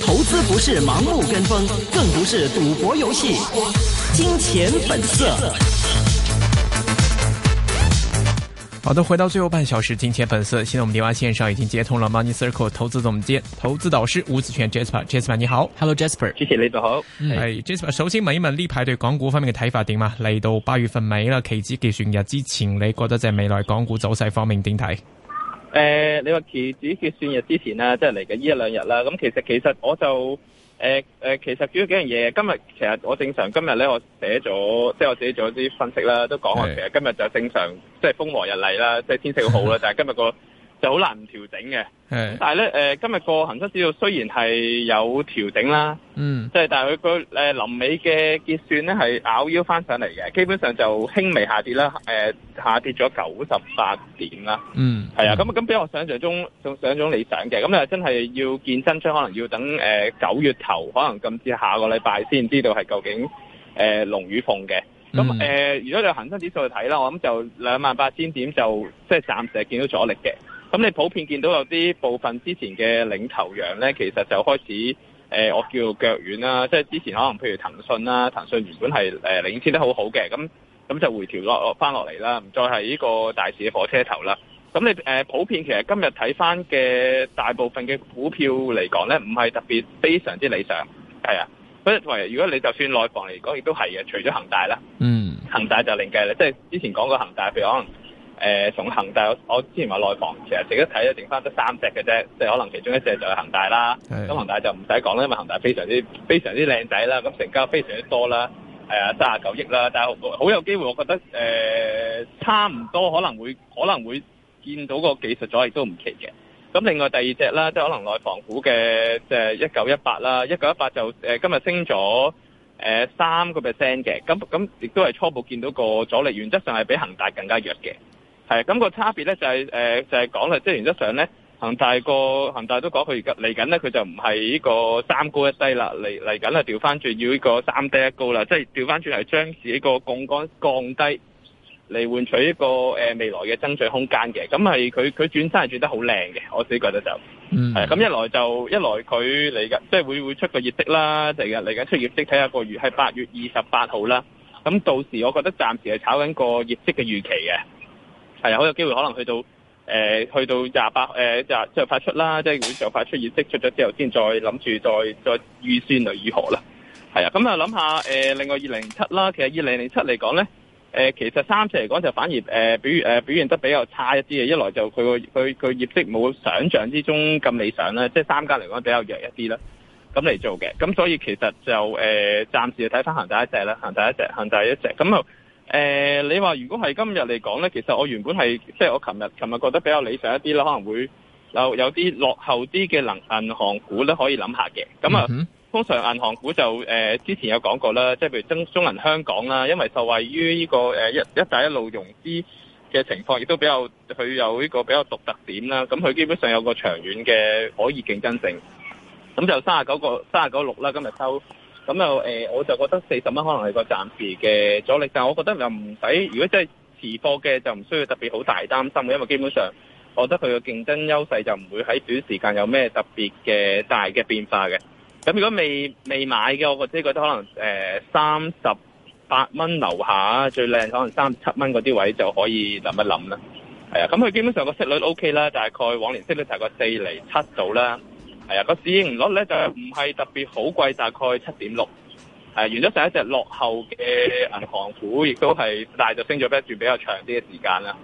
投資唔係盲目跟風，更唔係賭博遊戲。金錢本色。好的，回到最後半小時，金錢本色。現在我們電話線上已經接通了 Money Circle 投資總監、投資導師吳子軒 Jasper。Jasper，你好，Hello Jasper，謝謝領導好。哎，Jasper，首先問一問，呢排對港股方面的睇法點嘛？來到八月份尾啦，期指結算日之前，你覺得在未來港股走勢方面點睇？誒、呃，你話期指結算日之前啦，即係嚟緊呢一兩日啦，咁其實其實我就誒誒、呃，其實主要幾樣嘢。今日其實我正常，今日咧我寫咗，即係我自己做咗啲分析啦，都講我其實今日就正常，即係風和日麗啦，即係天色好啦， 但係今日個。就好難調整嘅，但係咧，誒、呃、今日個恒生指數雖然係有調整啦，嗯，即、就、係、是、但係佢個誒臨尾嘅結算咧係拗腰翻上嚟嘅，基本上就輕微下跌啦，誒、呃、下跌咗九十八點啦，嗯，係啊，咁咁比我想象中仲是中種理想嘅，咁啊真係要見真章，可能要等誒九、呃、月頭，可能甚至下個禮拜先知道係究竟誒、呃、龍與鳳嘅，咁、嗯、誒、呃，如果你恒生指數去睇啦，我諗就兩萬八千點就即係、就是、暫時係見到阻力嘅。咁你普遍見到有啲部分之前嘅領頭羊咧，其實就開始誒、呃，我叫腳軟啦，即係之前可能譬如騰訊啦，騰訊原本係誒領先得好好嘅，咁咁就回調落翻落嚟啦，唔再係呢個大市嘅火車頭啦。咁你誒、呃、普遍其實今日睇翻嘅大部分嘅股票嚟講咧，唔係特別非常之理想，係啊，咁同埋如果你就算內房嚟講，亦都係嘅，除咗恒大啦，嗯，恒大就另計啦，即係之前講過恒大譬如可能。誒，從恒大我之前話內房，其實淨係睇就，剩翻得三隻嘅啫，即係可能其中一隻就係恒大啦。咁恒大就唔使講啦，因為恒大非常之非常之靚仔啦，咁成交非常之多啦，係、呃、啊，三十九億啦。但係好，好有機會，我覺得誒、呃、差唔多可能會可能會見到個技術阻力不的，亦都唔奇嘅。咁另外第二隻啦，即係可能內房股嘅即係一九一八啦，一九一八就誒、是呃、今日升咗誒三個 percent 嘅。咁咁亦都係初步見到個阻力，原則上係比恒大更加弱嘅。係咁、那個差別咧就係、是、誒、呃、就係講啦，即係原則上咧，恒大個恒大都講佢而家嚟緊咧，佢就唔係呢個三高一低啦，嚟嚟緊係調翻轉要呢個三低一高啦，即係調翻轉係將自己個槓杆降低嚟換取一個誒、呃、未來嘅增長空間嘅。咁係佢佢轉身係轉得好靚嘅，我自己覺得就嗯係咁一來就一來佢嚟緊即係會會出個業績啦，第日嚟緊出業績睇下個月係八月二十八號啦。咁到時我覺得暫時係炒緊個業績嘅預期嘅。係啊，好有機會可能去到誒、呃，去到廿八誒，廿即係快出啦，即係會就是、快出業績出咗之後，先再諗住再再預算嚟如何啦。係啊，咁啊諗下誒、呃，另外二零七啦，其實二零零七嚟講咧，其實三隻嚟講就反而誒，表現得比較差一啲嘅，一來就佢個佢佢業績冇想像之中咁理想啦，即係三家嚟講比較弱一啲啦，咁嚟做嘅，咁所以其實就誒、呃、暫時睇翻恒大一隻啦，恒大一隻，恒大一隻，咁啊。嗯誒、呃，你話如果係今日嚟講咧，其實我原本係，即係我琴日琴日覺得比較理想一啲啦，可能會有有啲落後啲嘅能銀行股咧，可以諗下嘅。咁啊，通常銀行股就誒、呃，之前有講過啦，即係譬如中中銀香港啦，因為受惠於呢個誒、呃、一一帶一路融資嘅情況，亦都比較佢有呢個比較獨特點啦。咁佢基本上有個長遠嘅可以競爭性。咁就三十九個三十九六啦，396，今日收。咁又誒，我就覺得四十蚊可能係個暫時嘅阻力，但我覺得又唔使。如果真係持貨嘅，就唔需要特別好大擔心嘅，因為基本上我覺得佢個競爭優勢就唔會喺短時間有咩特別嘅大嘅變化嘅。咁如果未未買嘅，我即係覺得可能誒，三十八蚊樓下，最靚可能三十七蚊嗰啲位就可以諗一諗啦。係啊，咁佢基本上個息率 OK 啦，大概往年息率大概四厘七度啦。係啊，呢個市盈率咧就係唔係特別好貴，大概七點六。係、啊、完咗第一隻落後嘅銀行股，亦都係大就升咗，一段比較長啲嘅時間啦。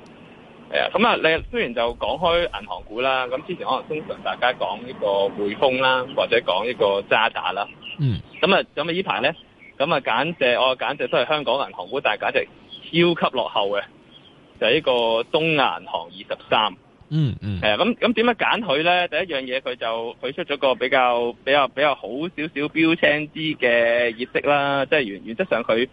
咁啊，啊，你雖然就講開銀行股啦，咁之前可能通常大家講呢個匯豐啦，或者講呢個渣打啦。嗯。咁啊，咁啊，呢排咧，咁啊，揀直，我揀直都係香港銀行股，但係揀直超級落後嘅，就係、是、個個東亞銀行二十三。嗯 嗯，誒、嗯，咁咁點樣揀佢咧？第一樣嘢佢就佢出咗個比較比較比較好少少標青啲嘅業績啦，即、就、係、是、原原則上佢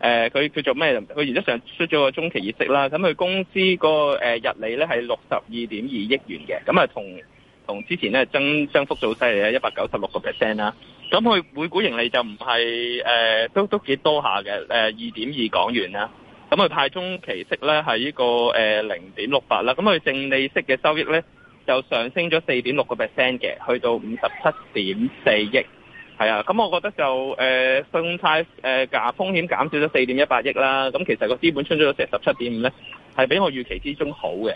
誒佢叫做咩？佢原則上出咗個中期業績啦。咁佢公司、那個誒、呃、日利咧係六十二點二億元嘅，咁啊同同之前咧增升幅到犀利啊，一百九十六個 percent 啦。咁佢每股盈利就唔係誒都都幾多下嘅誒二點二港元啦。咁佢派中期息咧係呢個誒零點六八啦，咁佢淨利息嘅收益咧就上升咗四點六個 percent 嘅，去到五十七點四億，係啊，咁我覺得就誒信貸誒價風險減少咗四點一八億啦，咁其實個資本充足咗成十七點五咧，係比我預期之中好嘅。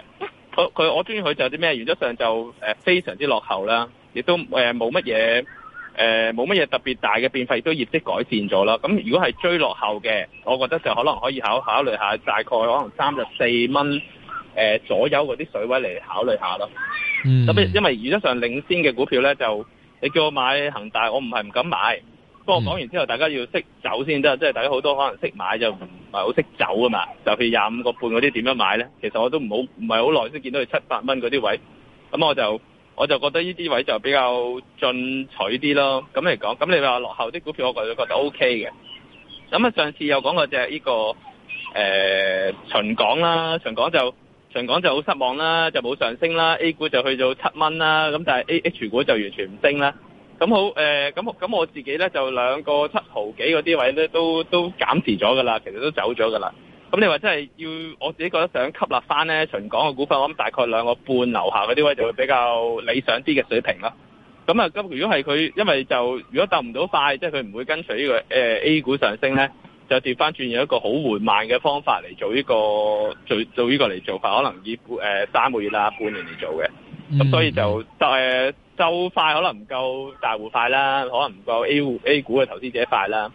佢佢我中意佢就有啲咩，原則上就誒、呃、非常之落後啦，亦都誒冇乜嘢。呃誒、呃，冇乜嘢特別大嘅變化，亦都業績改善咗啦。咁如果係追落後嘅，我覺得就可能可以考考慮下，大概可能三十四蚊左右嗰啲水位嚟考慮下咯。咁、嗯、因為原則上領先嘅股票咧，就你叫我買恒大，我唔係唔敢買。不過講完之後，嗯、大家要識走先得，即係大家好多可能識買就唔係好識走啊嘛。就譬如廿五個半嗰啲點樣買咧？其實我都唔好唔係好耐先見到佢七八蚊嗰啲位，咁我就。我就覺得呢啲位就比較進取啲咯，咁嚟講，咁你話落後啲股票，我都覺得覺得 O K 嘅。咁啊，上次又講過隻呢、呢個誒、呃、秦港啦，秦港就秦港就好失望啦，就冇上升啦，A 股就去到七蚊啦，咁但係 A H 股就完全唔升啦。咁好誒，咁、呃、咁我自己咧就兩個七毫幾嗰啲位咧都都減持咗噶啦，其實都走咗噶啦。咁你話真係要我自己覺得想吸納翻咧，巡港嘅股份，我諗大概兩個半樓下嗰啲位就會比較理想啲嘅水平啦。咁啊，咁如果係佢，因為就如果鬥唔到快，即係佢唔會跟隨呢、這個、呃、A 股上升咧，就掉翻轉有一個好緩慢嘅方法嚟做呢、這個做做呢個嚟做法，可能以、呃、三個月啦、半年嚟做嘅。咁所以就誒鬥、呃、快可能唔夠大戶快啦，可能唔夠 A 股 A 股嘅投資者快啦。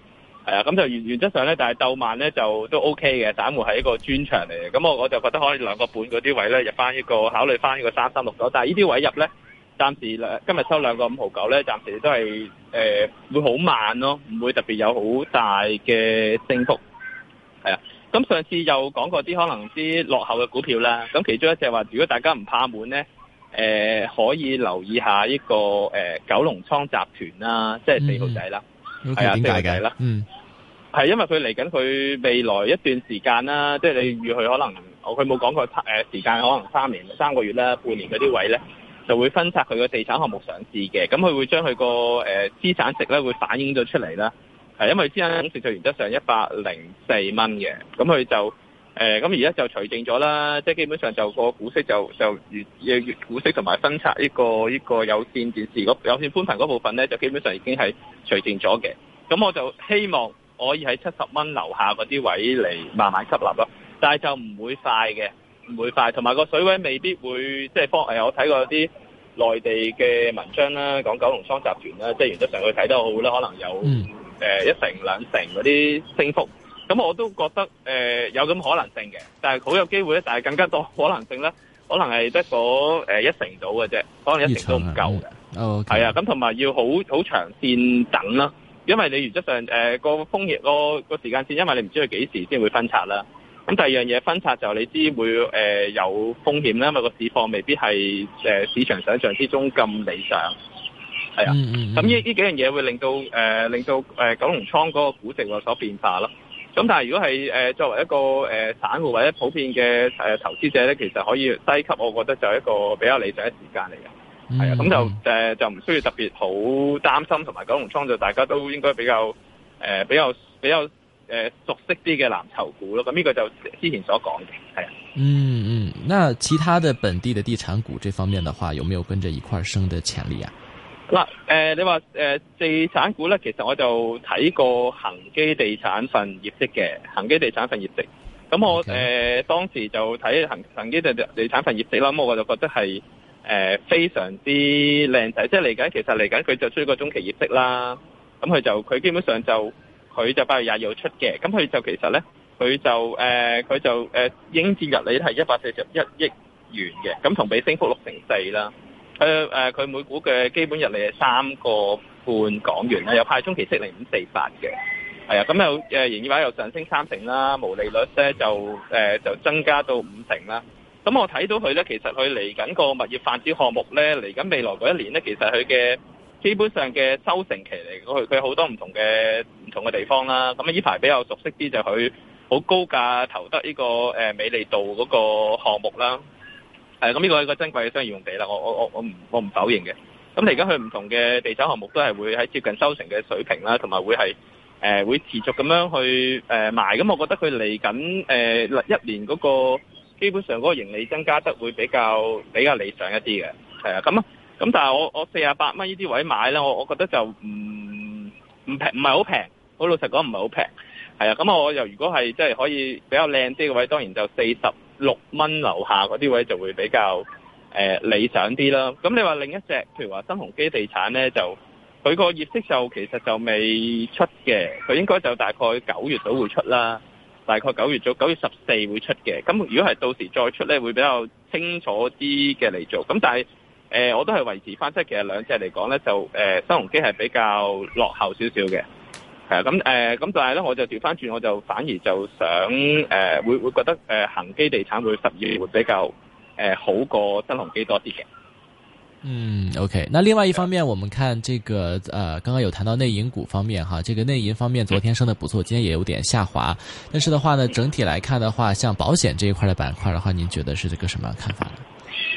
係啊，咁就原原則上咧，但係鬥慢咧就都 OK 嘅，打門係一個專場嚟嘅。咁我我就覺得可以兩個半嗰啲位咧入翻一個，考慮翻呢個三三六九。但係呢啲位入咧，暫時今日收兩個五毫九咧，暫時都係誒、呃、會好慢咯，唔會特別有好大嘅升幅。係啊，咁上次又講過啲可能啲落後嘅股票啦。咁其中一隻話，如果大家唔怕悶咧，誒、呃、可以留意下呢、這個、呃、九龍倉集團啦，即係四號仔啦，係啊，四號仔啦，嗯。Okay, 係，因為佢嚟緊，佢未來一段時間啦，即係你預佢可能，我佢冇講過，誒時間可能三年、三個月啦、半年嗰啲位咧，就會分拆佢個地產項目上市嘅。咁佢會將佢個誒資產值咧會反映咗出嚟啦。係因為資產總值就原則上一百零四蚊嘅，咁佢就誒咁而家就除淨咗啦。即係基本上就個股息就就越越，越，越股息同埋分拆呢個呢個有線電視嗰有線寬頻嗰部分咧，就基本上已經係除淨咗嘅。咁我就希望。可以喺七十蚊樓下嗰啲位嚟慢慢吸納咯，但係就唔會快嘅，唔會快。同埋個水位未必會即係方誒，我睇過啲內地嘅文章啦，講九龍倉集團啦，即係原則上佢睇得好啦，可能有誒一成兩成嗰啲升幅。咁我都覺得誒有咁可能性嘅，但係好有機會咧。但係更加多可能性咧，可能係得嗰誒一成到嘅啫，可能一成都唔夠嘅。哦，係啊，咁同埋要好好長線等啦。因為你原則上，誒、呃、個風險個個時間線，因為你唔知佢幾時先會分拆啦。咁第二樣嘢分拆就你知會誒、呃、有風險啦，因為個市況未必係、呃、市場想象之中咁理想。係啊，咁、嗯、呢、嗯嗯、幾樣嘢會令到誒、呃、令到、呃、九龍倉嗰個股值有所變化咯。咁但係如果係、呃、作為一個、呃、散戶或者普遍嘅、呃、投資者咧，其實可以低級，我覺得就係一個比較理想嘅時間嚟嘅。係、嗯、啊，咁就誒就唔需要特別好擔心，同埋九龍倉就大家都應該比較誒、呃、比較比較誒、呃、熟悉啲嘅藍籌股咯。咁呢個就之前所講嘅，係啊。嗯嗯，那其他的本地嘅地產股這方面的話，有沒有跟着一塊升的潛力啊？嗱，誒、呃、你話誒、呃、地產股咧，其實我就睇過恒基地產份業績嘅，恒基地產份業績。咁我誒、Okay. 呃、當時就睇恒恒基地地產份業績，諗我就覺得係。誒、呃、非常之靚仔，即係嚟緊，其實嚟緊佢就出一個中期業績啦。咁佢就佢基本上就佢就八月廿二號出嘅。咁佢就其實咧，佢就誒佢、呃、就誒應佔溢利係一百四十一億元嘅。咁同比升幅六成四啦。佢、呃、每股嘅基本溢利係三個半港元啦。又派中期息零五四八嘅。係啊，咁又誒營業額又上升三成啦。毛利率咧就誒、呃、就增加到五成啦。咁我睇到佢咧，其實佢嚟緊個物業發展項目咧，嚟緊未來嗰一年咧，其實佢嘅基本上嘅收成期嚟，佢佢好多唔同嘅唔同嘅地方啦。咁呢排比較熟悉啲就佢好高價投得呢個誒美利道嗰個項目啦。誒，咁呢個係個珍貴嘅商業用地啦。我我我我唔我唔否認嘅。咁嚟緊佢唔同嘅地產項目都係會喺接近收成嘅水平啦，同埋會係誒會持續咁樣去誒埋。咁我覺得佢嚟緊誒一年嗰個。基本上嗰個盈利增加得會比較比較理想一啲嘅，係啊，咁啊，咁但係我我四十八蚊呢啲位買呢，我我覺得就唔唔平，唔係好平，好老實講唔係好平。係啊，咁我又如果係即係可以比較靚啲嘅位，當然就四十六蚊樓下嗰啲位就會比較誒、呃、理想啲啦。咁你話另一隻，譬如話新鴻基地產呢，就佢個業績就其實就未出嘅，佢應該就大概九月度會出啦。大概九月早，九月十四會出嘅。咁如果係到時再出呢，會比較清楚啲嘅嚟做。咁但係，誒、呃、我都係維持返，即係其實兩隻嚟講呢，就誒、呃、新鴻基係比較落後少少嘅。啊，咁誒咁，但係呢，我就調返轉，我就反而就想誒、呃、會會覺得誒恆、呃、基地產會十二月會比較誒好過新鴻基多啲嘅。嗯，OK。那另外一方面，我們看這個，呃，剛剛有談到內銀股方面，哈，這個內銀方面昨天升得不錯，今天也有點下滑。但是的話呢，整體來看的話，像保險這一塊的板塊的話，您覺得是這個什麼樣看法呢？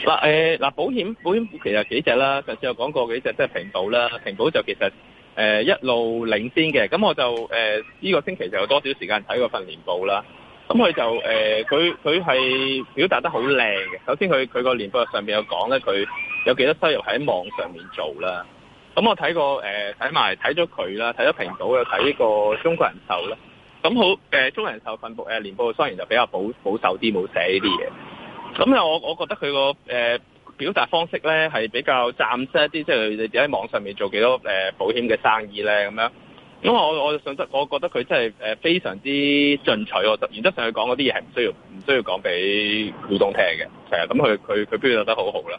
嗱，誒，嗱，保險保險股其實有幾隻啦，上次有講過幾隻，即係平保啦，平保就其實誒、呃、一路領先嘅。咁我就誒呢、呃這個星期就有多少時間睇過份年報啦。咁、嗯、佢就誒，佢佢係表達得好靚嘅。首先佢佢個年報上面有講咧，佢有幾多收入喺網上面做啦。咁、嗯、我睇過睇埋睇咗佢啦，睇咗平安保又睇呢個中國人壽啦。咁、嗯、好、呃、中國人壽份報誒年報雖然就比較保保守啲，冇寫呢啲嘢。咁、嗯、我我覺得佢個誒表達方式咧係比較暫時一啲，即係你哋喺網上面做幾多、呃、保險嘅生意咧咁樣。因為我我得，我覺得佢真係非常之進取，我就原則上去講，嗰啲嘢係唔需要唔需要講俾股東聽嘅。係啊，咁佢佢佢表現得好好啦。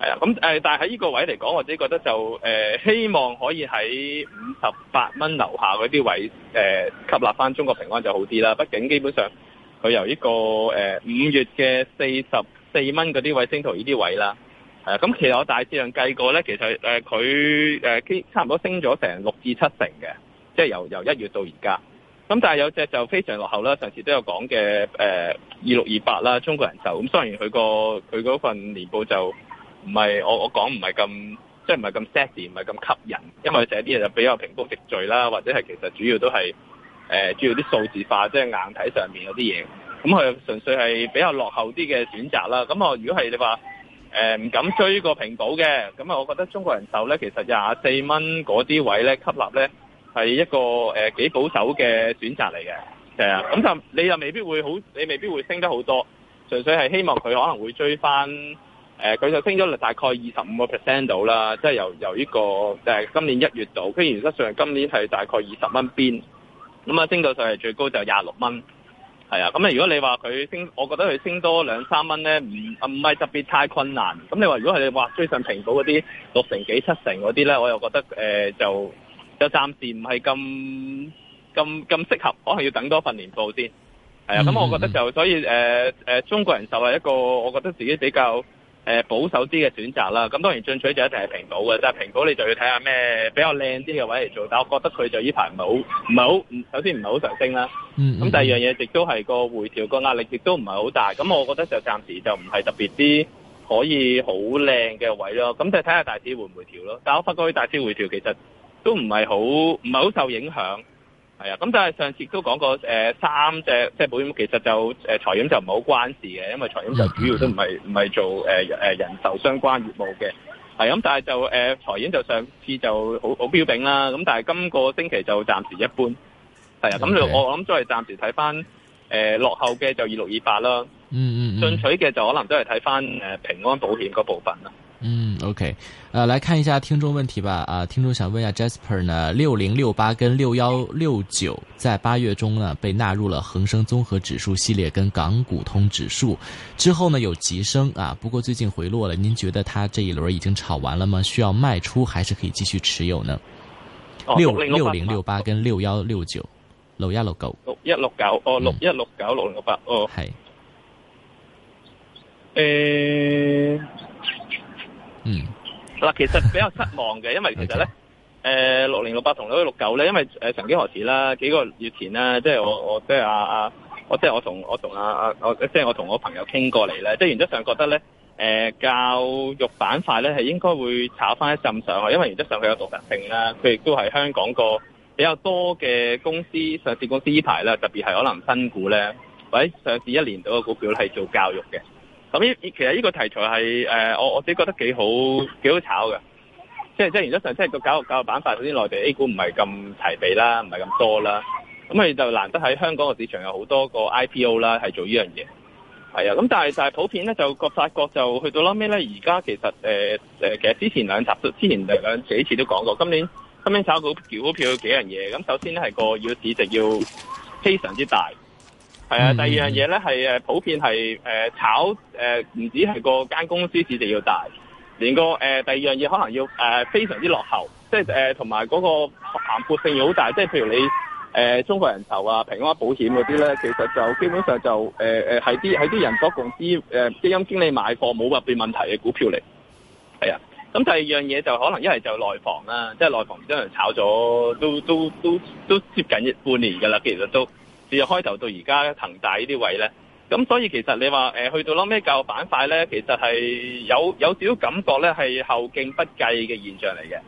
係啊，咁但係喺呢個位嚟講，我自己覺得就、呃、希望可以喺五十八蚊樓下嗰啲位、呃、吸納翻中國平安就好啲啦。畢竟基本上佢由呢個誒五、呃、月嘅四十四蚊嗰啲位升到呢啲位啦。係啊，咁其實我大致上計過咧，其實佢基、呃呃、差唔多升咗成六至七成嘅。即係由由一月到而家，咁但係有隻就非常落後啦。上次都有講嘅誒二六二八啦，中國人壽咁。雖然佢個佢嗰份年報就唔係我我講唔係咁即係唔係咁 sad 唔係咁吸引，因為佢寫啲嘢就比較平鋪直敍啦，或者係其實主要都係誒、呃、主要啲數字化即係、就是、硬體上面嗰啲嘢。咁佢純粹係比較落後啲嘅選擇啦。咁啊，如果係你話唔、呃、敢追過平保嘅，咁啊，我覺得中國人壽咧其實廿四蚊嗰啲位咧吸納咧。係一個誒幾、呃、保守嘅選擇嚟嘅，啊，咁就你又未必會好，你未必會升得好多。純粹係希望佢可能會追翻誒，佢、呃、就升咗大概二十五個 percent 到啦，即係由由呢個誒、就係、今年一月到，佢原則上今年係大概二十蚊邊，咁啊升到上係最高就廿六蚊，係啊。咁啊，如果你話佢升，我覺得佢升多兩三蚊咧，唔唔係特別太困難。咁你話如果係你話追上平保嗰啲六成幾七成嗰啲咧，我又覺得誒、呃、就。就暫時唔係咁咁咁適合，可能要等多份年報先。係啊，咁、mm -hmm. 我覺得就所以誒誒、呃呃，中國人壽係一個我覺得自己比較誒、呃、保守啲嘅選擇啦。咁當然進取就一定係平保嘅，但係平保你就要睇下咩比較靚啲嘅位嚟做。但我覺得佢就呢排唔係唔係好，首先唔係好上升啦。咁、mm -hmm. 第二樣嘢亦都係個回調個壓力亦都唔係好大。咁我覺得就暫時就唔係特別啲可以好靚嘅位咯。咁就睇下大市會唔會調咯。但我發覺佢大市回調其實。都唔係好唔係好受影響，係啊，咁但係上次都講過、呃，三隻即係保險，其實就誒、呃、財險就唔係好關事嘅，因為財險就主要都唔係唔係做、呃、人壽相關業務嘅，係咁，但係就誒、呃、財險就上次就好好彪炳啦，咁但係今個星期就暫時一般，係啊，咁我我諗都係暫時睇翻誒落後嘅就二六二八啦，嗯嗯，嗯，嗯進取嘅就可能都係睇翻誒平安保險嗰部分啦。嗯，OK，呃，來看一下聽眾問題吧。啊，聽眾想問一下，Jasper 呢，六零六八跟六幺六九在八月中呢被納入了恒生綜合指數系列跟港股通指數之後呢有急升啊，不過最近回落了。您覺得它這一輪已經炒完了嗎？需要賣出還是可以繼續持有呢？六零六八跟六幺六九，六一六九，六一六九哦，六一六九六零六八哦，是。誒。嗯，嗱， 其實比較失望嘅，因為其實咧，誒、okay. 呃，六零六八同六一六九咧，因為誒曾幾何時啦，幾個月前啦，即係我我即係、啊、阿我即係我同我同阿、啊、即係我同我朋友傾過嚟咧，即係原則上覺得咧，誒、呃，教育板塊咧係應該會炒翻一浸上去，因為原則上佢有獨特性啦，佢亦都係香港個比較多嘅公司上市公司呢排啦，特別係可能新股咧，或者上市一年度嘅股票係做教育嘅。咁呢，其實呢個題材係誒我我自己覺得幾好幾好炒嘅，即係即係原則上即係個教育教育板塊，首先內地 A 股唔係咁齊備啦，唔係咁多啦，咁佢就難得喺香港個市場有好多個 IPO 啦，係做呢樣嘢，係啊，咁但係但係普遍咧，就國法國就去到撈尾咧，而家其實誒、呃、其實之前兩集都之前兩、之前兩幾次都講過，今年今年炒股股票幾樣嘢，咁首先咧係個要市值要非常之大。係、嗯、啊、嗯嗯呃，第二樣嘢咧，係誒，普遍係誒炒誒，唔、呃、止係個間公司市值要大，連個誒、呃、第二樣嘢可能要誒、呃、非常之落後，即係誒同埋嗰個涵括性要好大，即係譬如你誒、呃、中國人壽啊、平安保險嗰啲咧，其實就基本上就誒誒係啲係啲人國共資誒基金經理買貨冇特別問題嘅股票嚟。係啊，咁、嗯、第二樣嘢就可能一係就內房啦，即係內房真係炒咗都都都都接近半年噶啦，其實都。自開頭到而家騰大呢啲位咧，咁所以其實你話誒去到啦咩舊板塊咧，其實係、哎、有有少少感覺咧係後勁不計嘅現象嚟嘅，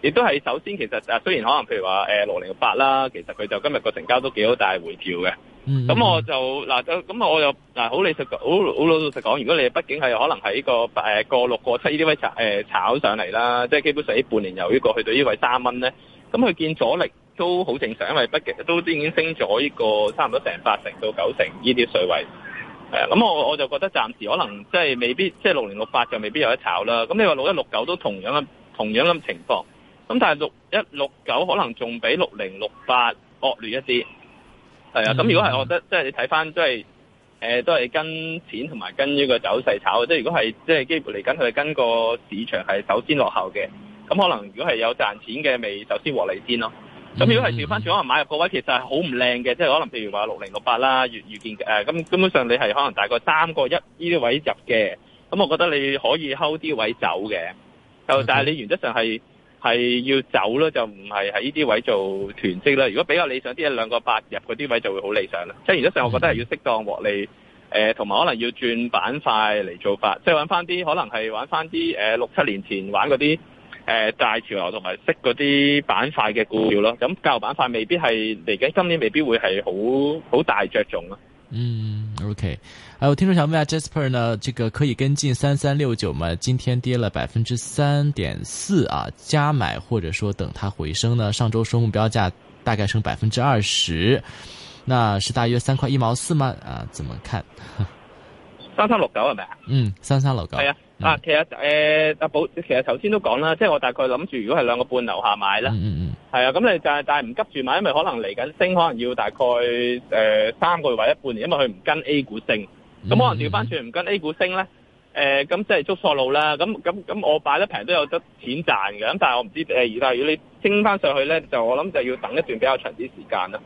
亦都係首先其實啊雖然可能譬如話誒六零八啦，其實佢就今日個成交都幾好，大回調嘅。咁、嗯嗯、我就嗱咁我又嗱好理實，好好老實講，如果你畢竟係可能喺個誒過六過七呢啲位炒、欸、炒上嚟啦，即係基本上呢半年由呢個去到呢位三蚊咧，咁、嗯、佢見阻力。都好正常，因為畢竟都已經升咗呢個差唔多成八成到九成呢啲稅位，係啊。咁我我就覺得暫時可能即係未必，即係六零六八就未必有得炒啦。咁你話六一六九都同樣嘅同樣嘅情況，咁但係六一六九可能仲比六零六八惡劣一啲，係啊。咁如果係、嗯嗯嗯，我覺得即係你睇翻、呃，即係誒都係跟錢同埋跟呢個走勢炒嘅，即係如果係即係基本嚟緊，佢係跟，跟個市場係首先落後嘅。咁可能如果係有賺錢嘅，咪首先獲利先咯。咁、嗯嗯嗯嗯、如果係調翻轉，可能買入個位其實係好唔靚嘅。即係可能譬如話六零六八啦，預預見誒，咁、呃、根本上你係可能大概三個一呢啲位入嘅，咁、嗯、我覺得你可以 hold 啲位走嘅，okay. 就但係你原則上係係要走咯，就唔係喺呢啲位做囤積啦。如果比較理想啲，一兩個八入嗰啲位就會好理想啦。即、嗯、係原則上，我覺得係要適當獲利，同、呃、埋可能要轉板塊嚟做法，即、就、係、是、玩翻啲可能係玩翻啲誒六七年前玩嗰啲。呃、大潮流同埋識嗰啲板塊嘅股票咯。咁教育板塊未必係嚟緊今年未必會係好好大着重咯、啊。嗯，OK、啊。我聽眾想問下 Jasper 呢，這個可以跟進三三六九嗎？今天跌了百分之三點四啊，加買或者說等它回升呢？上周說目標價大概升百分之二十，那是大約三塊一毛四嗎？啊，怎麼看？ 三三六九係咪啊？嗯，三三六九係啊。啊，其實誒阿寶、呃、其實頭先都講啦，即係我大概諗住，如果係兩個半樓下買嗯係、嗯嗯、啊，咁你就係但係唔急住買，因為可能嚟緊升，可能要大概誒、呃、三個月或者半年，因為佢唔跟 A 股升，咁可能調翻轉唔跟 A 股升咧，誒咁即係捉錯路啦。咁咁咁，我擺得平都有得錢賺嘅。咁但係我唔知誒，但係、呃、如果你升翻上去咧，就我諗就要等一段比較長啲時間啦。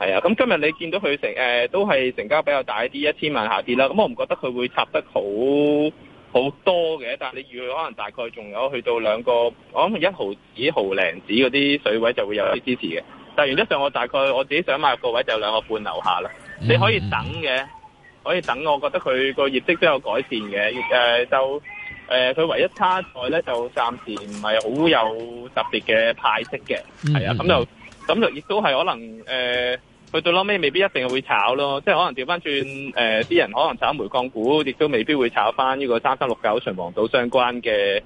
係啊，咁今日你見到佢成誒、呃、都係成交比較大啲，一千萬下跌啦。咁我唔覺得佢會插得好好多嘅，但係你預去可能大概仲有去到兩個，我諗一毫子、毫零子嗰啲水位就會有啲支持嘅。但係原則上，我大概我自己想買個位就兩個半樓下啦。你可以等嘅，可以等。我覺得佢個業績都有改善嘅、呃，就誒佢、呃、唯一差在咧就暫時唔係好有特別嘅派息嘅，係啊咁就咁就亦都係可能誒。呃佢到後尾未必一定會炒咯，即係可能調翻轉，誒、呃，啲人可能炒煤礦股，亦都未必會炒翻呢個三三六九、秦皇島相關嘅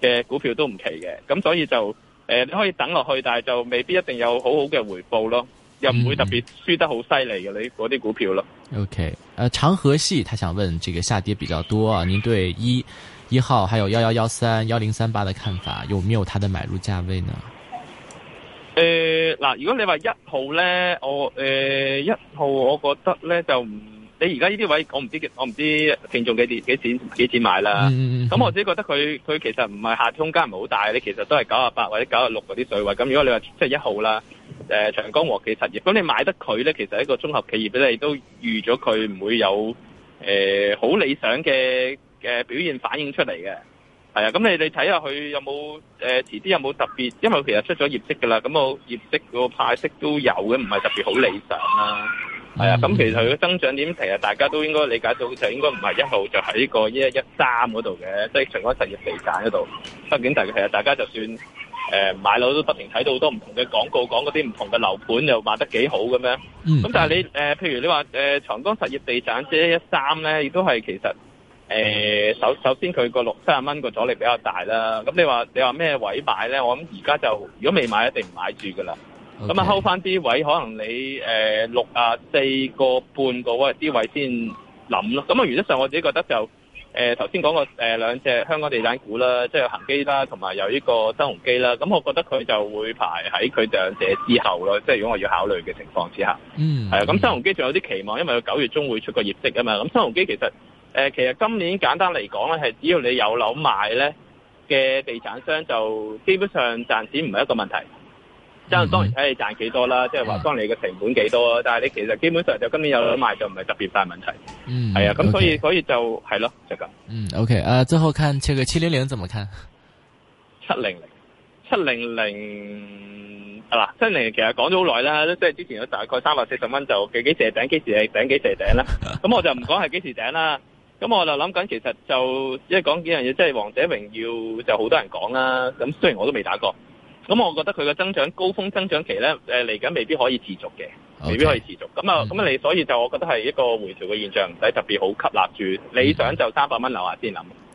嘅股票都唔奇嘅。咁所以就誒，你、呃、可以等落去，但係就未必一定有好好嘅回報咯，又唔會特別輸得好犀利嘅你嗰啲股票咯。OK，誒、呃，長和系，他想問，這個下跌比較多啊，您對一一號還有幺幺幺三、幺零三八的看法，有沒有他的買入價位呢？誒，嗱，如果你話一號咧，我誒一、呃、號，我覺得咧就唔，你而家呢啲位我，我唔知我唔知聽眾幾多幾，幾錢幾錢買啦。咁、嗯嗯嗯、我自己覺得佢佢其實唔係下空間唔係好大，你其實都係九啊八或者九啊六嗰啲水位。咁如果你話即係一號啦，誒、呃、長江和記實業，咁你買得佢咧，其實一個綜合企業咧，你都預咗佢唔會有誒好、呃、理想嘅嘅表現反映出嚟嘅。係啊，咁你你睇下佢有冇誒遲啲有冇特別？因為其實出咗業績㗎啦，咁我業績個派息都有嘅，唔係特別好理想啦。係啊，咁其實佢嘅增長點其實大家都應該理解到，就應該唔係一號就喺個一一三嗰度嘅，即係長江實業地產嗰度。畢竟，其實大家就算誒買樓都不停睇到好多唔同嘅廣告，講嗰啲唔同嘅樓盤又賣得幾好咁樣。咁但係你誒，譬如你話誒長江實業地產即係一一三咧，亦都係其實。誒、嗯，首首先佢個六七十蚊個阻力比較大啦，咁你話你話咩位買咧？我諗而家就如果未買，一定唔買住噶啦。咁啊，拋翻啲位，可能你誒六啊四個半個位啲位先諗咯。咁啊，原則上我自己覺得就誒頭先講過誒兩隻香港地產股啦，即係恒基啦，同埋有呢個新鴻基啦。咁我覺得佢就會排喺佢哋兩者之後咯。即係如果我要考慮嘅情況之下，嗯，係啊。咁新鴻基仲有啲期望，因為佢九月中會出個業績啊嘛。咁新鴻基其實。誒、呃，其實今年簡單嚟講咧，係只要你有樓賣咧嘅地產商就基本上賺錢唔係一個問題。即、嗯、係當然睇你賺幾多啦，即係話當你嘅成本幾多，但係你其實基本上就今年有樓賣就唔係特別大問題。嗯，係啊，咁所以所以就係咯，就咁。嗯，OK，啊，最後看七個七零零怎麼看？七零零，七零零，係啦，七零零其實講咗好耐啦，即係之前有大概三百四十蚊就幾，幾時係頂幾時係頂，幾時頂，幾時頂 幾時頂啦。咁我就唔講係幾時頂啦。咁我就諗緊，其實就即係講幾樣嘢，即係《王者榮耀》就好多人講啦。咁雖然我都未打過，咁我覺得佢個增長高峰、增長期咧，誒嚟緊未必可以持續嘅，未必可以持續。咁啊，咁啊，你所以就我覺得係一個回調嘅現象，唔使特別好吸納住。你想就三百蚊留下先諗。Okay.